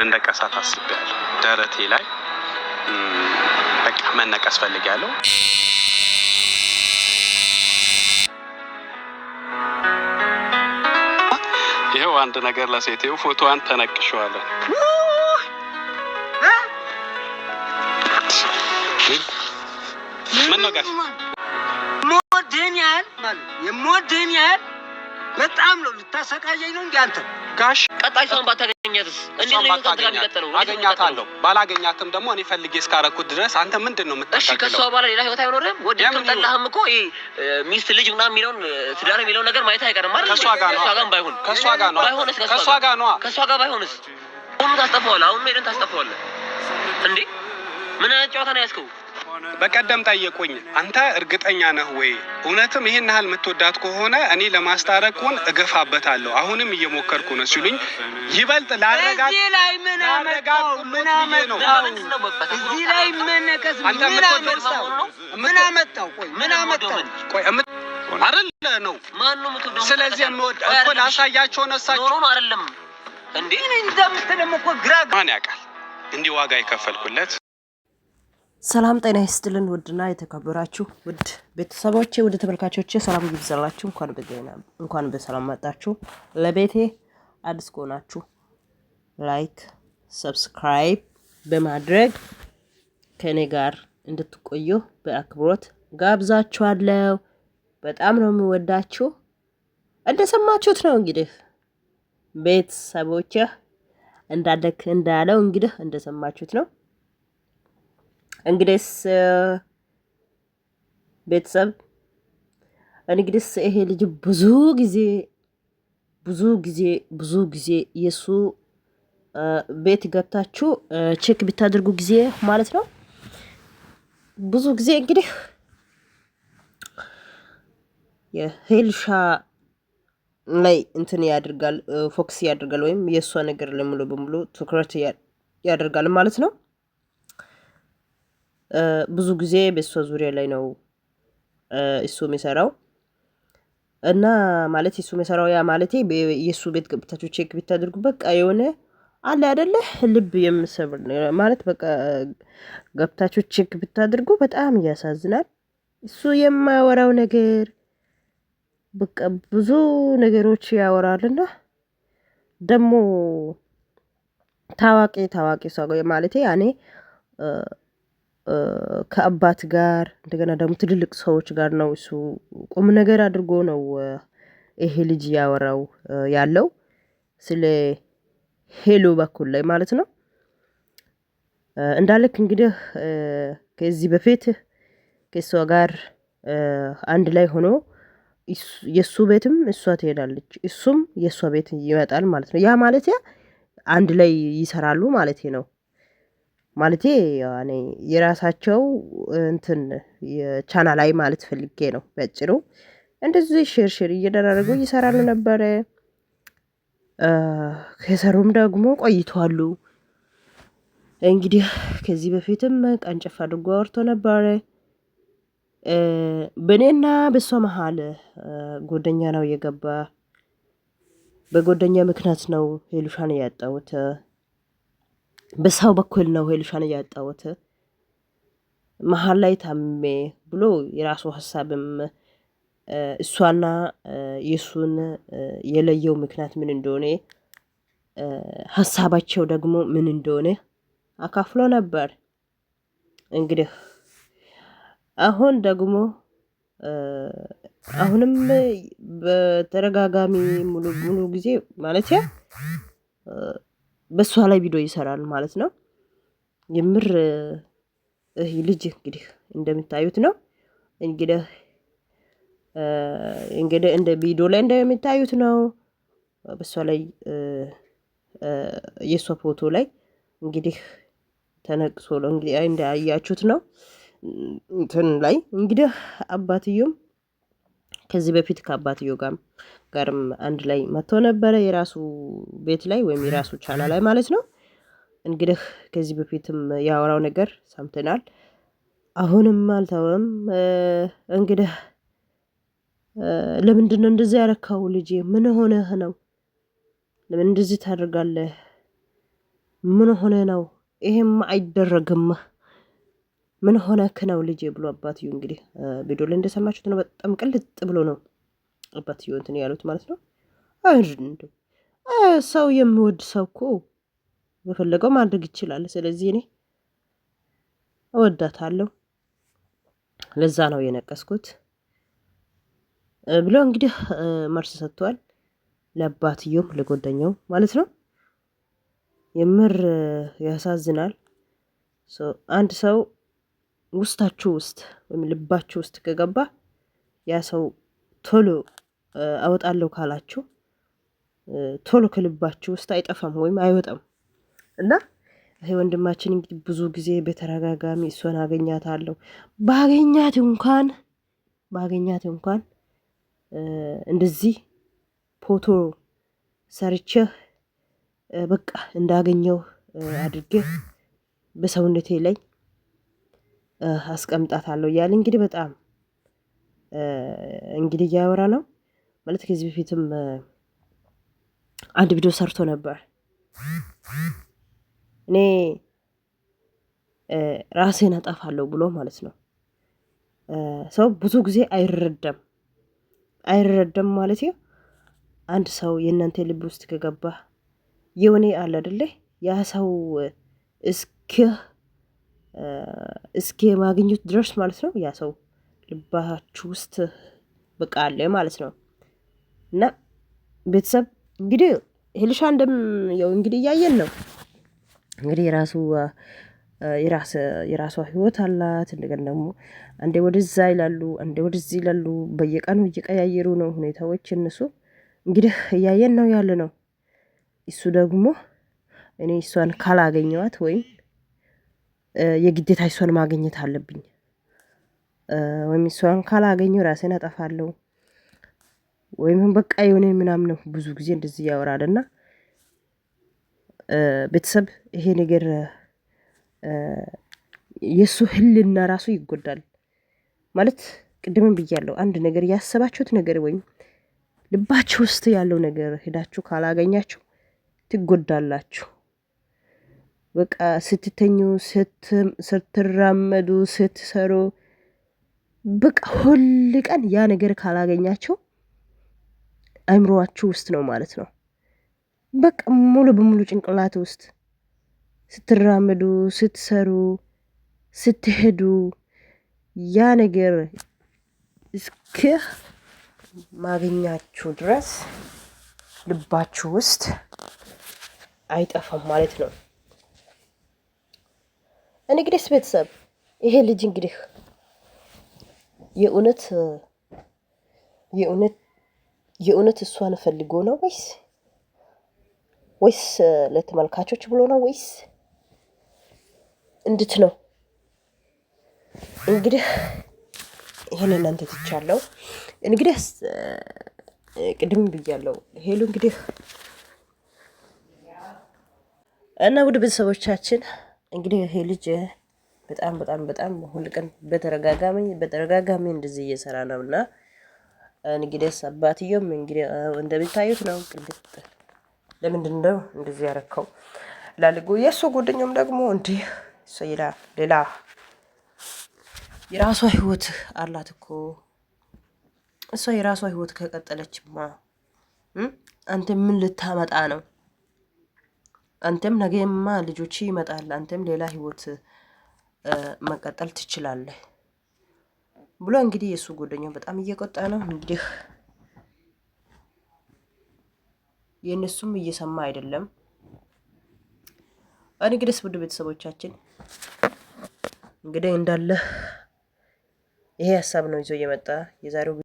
ልንደቀሳ አስቤያለሁ። ደረቴ ላይ በቃ መነቀስ ፈልጊያለሁ። ይኸው አንድ ነገር ለሴቴው ፎቶዋን ተነቅሸዋለን። ምን ያህል የምወድህን ያህል በጣም ነው ልታሰቃየኝ ነው እንዲ አንተ ጋሽ ቀጣይ ሰውን ባታገኝ ባላገኛትም ደግሞ እኔ ፈልጌ እስካረኩት ድረስ አንተ ምንድን ነው የምታገለው? እሺ ከእሷ በኋላ ሌላ ህይወት አይኖርም። ወደድክም ጠላህም እኮ ሚስት ልጅ ምናምን የሚለውን ትዳር የሚለውን ነገር ማየት አይቀርም። ከእሷ ጋር ባይሆን ከእሷ ጋር ነዋ፣ ከእሷ ጋር ነዋ፣ ከእሷ ጋር ባይሆንስ? አሁኑ ታስጠፋዋለህ። አሁን ሄደን ታስጠፋዋለህ እንዴ! ምን አይነት ጨዋታ ነው ያስከው በቀደም ጠየቁኝ፣ አንተ እርግጠኛ ነህ ወይ? እውነትም ይህን ያህል የምትወዳት ከሆነ እኔ ለማስታረቁን እገፋበታለሁ፣ አሁንም እየሞከርኩ ነው ሲሉኝ ይበልጥ ላረጋት ነው። ስለዚህ የምወድ እኮ ላሳያቸው አይደለም እንዴ? እኔ እንደምትልም እኮ ግራ ማን ያውቃል እንዲህ ዋጋ የከፈልኩለት ሰላም ጤና ይስጥልን። ውድና የተከበራችሁ ውድ ቤተሰቦቼ፣ ውድ ተመልካቾቼ ሰላም ይብዛላችሁ። እንኳን በገና እንኳን በሰላም መጣችሁ። ለቤቴ አዲስ ከሆናችሁ ላይክ፣ ሰብስክራይብ በማድረግ ከእኔ ጋር እንድትቆዩ በአክብሮት ጋብዛችኋለሁ። በጣም ነው የሚወዳችሁ። እንደሰማችሁት ነው እንግዲህ ቤተሰቦቼ እንዳለ እንዳለው እንግዲህ እንደሰማችሁት ነው እንግዲስ ቤተሰብ እንግዲስ ይሄ ልጅ ብዙ ጊዜ ብዙ ጊዜ ብዙ ጊዜ የእሱ ቤት ገብታችሁ ቼክ ብታደርጉ ጊዜ ማለት ነው። ብዙ ጊዜ እንግዲህ የሄልሻ ላይ እንትን ያደርጋል፣ ፎክስ ያደርጋል፣ ወይም የእሷ ነገር ለሙሉ በሙሉ ትኩረት ያደርጋል ማለት ነው። ብዙ ጊዜ በእሷ ዙሪያ ላይ ነው እሱ የሚሰራው እና ማለት እሱ የሚሰራው ያ ማለት የእሱ ቤት ገብታችሁ ቼክ ብታደርጉ በቃ የሆነ አለ አይደለ ልብ የምሰብር ማለት በቃ ገብታችሁ ቼክ ብታደርጉ በጣም ያሳዝናል። እሱ የማያወራው ነገር በቃ ብዙ ነገሮች ያወራልና ደግሞ ታዋቂ ታዋቂ ሰው ማለት ያኔ ከአባት ጋር እንደገና ደግሞ ትልልቅ ሰዎች ጋር ነው እሱ ቁም ነገር አድርጎ ነው ይሄ ልጅ እያወራው ያለው ስለ ሄሎ በኩል ላይ ማለት ነው። እንዳልክ እንግዲህ ከዚህ በፊት ከእሷ ጋር አንድ ላይ ሆኖ የእሱ ቤትም እሷ ትሄዳለች፣ እሱም የእሷ ቤት ይመጣል ማለት ነው። ያ ማለት አንድ ላይ ይሰራሉ ማለት ነው። ማለት የራሳቸው እንትን ላይ ማለት ፈልጌ ነው በጭሩ እንደዚህ ሼር ሼር እየደራረጉ ነበረ። ከሰሩም ደግሞ ቆይተዋሉ። እንግዲህ ከዚህ በፊትም ቀንጨፍ አድርጎ አውርቶ ነበረ። በእኔና በሷ መሀል ጎደኛ ነው የገባ። በጎደኛ ምክንያት ነው ሄሉሻን ያጣሁት። በሰው በኩል ነው ሄልሻን እያጣወት መሀል ላይ ታሜ ብሎ የራሱ ሀሳብም እሷና የእሱን የለየው ምክንያት ምን እንደሆነ ሀሳባቸው ደግሞ ምን እንደሆነ አካፍሎ ነበር። እንግዲህ አሁን ደግሞ አሁንም በተደጋጋሚ ሙሉ ሙሉ ጊዜ ማለት በእሷ ላይ ቪዲዮ ይሰራል ማለት ነው። የምር ይህ ልጅ እንግዲህ እንደምታዩት ነው እንግዲህ እንግዲህ እንደ ቪዲዮ ላይ እንደምታዩት ነው። በእሷ ላይ የእሷ ፎቶ ላይ እንግዲህ ተነቅሶ ነው እንግዲህ እንዳያችሁት ነው እንትን ላይ እንግዲህ አባትዮም ከዚህ በፊት ከአባትዮ ጋርም አንድ ላይ መጥቶ ነበረ የራሱ ቤት ላይ ወይም የራሱ ቻና ላይ ማለት ነው። እንግዲህ ከዚህ በፊትም ያወራው ነገር ሰምተናል። አሁንም አልተወም። እንግዲህ ለምንድን ነው እንደዚህ ያረካው? ልጅ ምን ሆነህ ነው? ለምን እንደዚህ ታደርጋለህ? ምን ሆነ ነው? ይሄም አይደረግም። ምን ሆነክ ነው ልጅ ብሎ አባትዩ እንግዲህ ቪዲዮ ላይ እንደሰማችሁት ነው። በጣም ቅልጥ ብሎ ነው አባትዩ እንትን ያሉት ማለት ነው። ሰው የሚወድ ሰው እኮ በፈለገው ማድረግ ይችላል። ስለዚህ እኔ እወዳታለሁ ለዛ ነው የነቀስኩት ብሎ እንግዲህ መልስ ሰጥቷል። ለአባትየውም ለጎደኛው ማለት ነው። የምር ያሳዝናል። አንድ ሰው ውስጣችሁ ውስጥ ወይም ልባችሁ ውስጥ ከገባ ያ ሰው ቶሎ አወጣለሁ ካላችሁ ቶሎ ከልባችሁ ውስጥ አይጠፋም ወይም አይወጣም እና ይሄ ወንድማችን እንግዲህ ብዙ ጊዜ በተረጋጋሚ እሷን አገኛታለሁ ባገኛት እንኳን ባገኛት እንኳን እንደዚህ ፎቶ ሰርቼህ በቃ እንዳገኘው አድርጌ በሰውነቴ ላይ አስቀምጣታለሁ እያለ እንግዲህ በጣም እንግዲህ እያወራ ነው ማለት ከዚህ በፊትም አንድ ቪዲዮ ሰርቶ ነበር። እኔ ራሴን አጠፋለሁ ብሎ ማለት ነው። ሰው ብዙ ጊዜ አይረዳም አይረዳም ማለት ነው። አንድ ሰው የእናንተ ልብ ውስጥ ከገባ የሆነ አለ አይደለ ያ ሰው እስክህ እስኪ ማግኘት ድረስ ማለት ነው። ያ ሰው ልባችሁ ውስጥ በቃ አለ ማለት ነው። እና ቤተሰብ እንግዲህ ሄልሻ እንደም ያው እንግዲህ እያየን ነው እንግዲህ የራሱ የራሷ ህይወት አላት። እንደገና ደግሞ አንዴ ወደዛ ይላሉ፣ አንዴ ወደዚህ ይላሉ። በየቀኑ እየቀያየሩ ነው ሁኔታዎች እነሱ እንግዲህ እያየን ነው ያለ ነው። እሱ ደግሞ እኔ እሷን ካላገኘዋት ወይም የግዴታ እሷን ማግኘት አለብኝ ወይም እሷን ካላገኘሁ ራሴን አጠፋለሁ ወይም በቃ የሆነ ምናምን ብዙ ጊዜ እንደዚህ ያወራል እና ቤተሰብ ይሄ ነገር የእሱ ህልና ራሱ ይጎዳል ማለት ቅድምም ብያለሁ አንድ ነገር ያሰባችሁት ነገር ወይም ልባችሁ ውስጥ ያለው ነገር ሄዳችሁ ካላገኛችሁ ትጎዳላችሁ በቃ ስትተኙ፣ ስትራመዱ፣ ስትሰሩ በቃ ሁል ቀን ያ ነገር ካላገኛቸው አይምሮዋችሁ ውስጥ ነው ማለት ነው። በቃ ሙሉ በሙሉ ጭንቅላት ውስጥ ስትራመዱ፣ ስትሰሩ፣ ስትሄዱ ያ ነገር እስከ ማግኛችሁ ድረስ ልባችሁ ውስጥ አይጠፋም ማለት ነው። እንግዲህ ቤተሰብ ይሄ ልጅ እንግዲህ የእውነት የእውነት የእውነት እሷን ፈልጎ ነው ወይስ ወይስ ለተመልካቾች ብሎ ነው ወይስ እንድት ነው? እንግዲህ ይሄን እናንተ ትቻለው። እንግዲህ ቅድም ብያለው ሄሉ እንግዲህ እና ውድ ቤተሰቦቻችን እንግዲህ ይሄ ልጅ በጣም በጣም በጣም ሁል ቀን በተረጋጋሚ በተረጋጋሚ እንደዚህ እየሰራ ነው እና እንግዲህ አባትየውም እንግዲህ እንደሚታዩት ነው። ቅልጥ ለምንድን ነው እንደዚህ ያረከው ላልጎ የእሱ ጓደኛውም ደግሞ እንዲህ ሰይላ ሌላ የራሷ ህይወት አላት እኮ እሷ የራሷ ህይወት ከቀጠለችማ አንተ ምን ልታመጣ ነው? አንተም ነገማ ልጆች ይመጣል። አንተም ሌላ ህይወት መቀጠል ትችላለህ ብሎ እንግዲህ የእሱ ጎደኛው በጣም እየቆጣ ነው። እንግዲህ የእነሱም እየሰማ አይደለም። እንግዲህ ውድ ቤተሰቦቻችን እንግዲህ እንዳለ ይሄ ሀሳብ ነው ይዞ እየመጣ የዛሬው